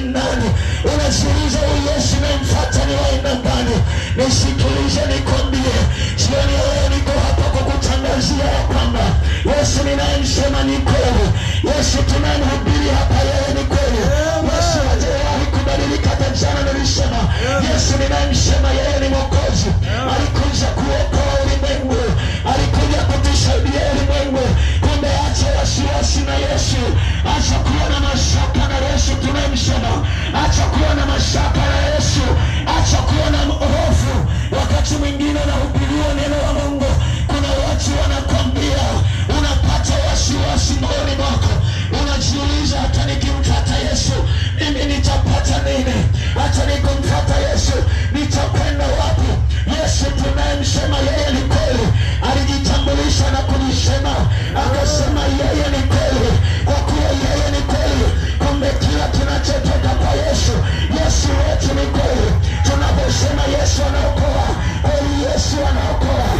ni nani? Unajiuliza, huyu Yesu imemfata ni waenda aina gani? Nisikilize nikwambie, sioni wewe, niko hapa kwa kukutangazia ya kwamba Yesu ninayemsema ni kweli, Yesu tunamhubiri hapa yeye ni kweli, Yesu hajawahi kubadilika. tajana nilisema Yesu ninayemsema yeye ni mokozi alikuja kuokoa ulimwengu, alikuja kutusaidia ulimwengu. Kumbe ache wasiwasi na Yesu, asakua mshaba. Acha kuwa na mashaka ya Yesu, acha kuwa na hofu. Wakati mwingine nahubiria neno wa Mungu, kuna watu wanakwambia, unapata wasiwasi moyoni mwako, unajiuliza hata Hardcore.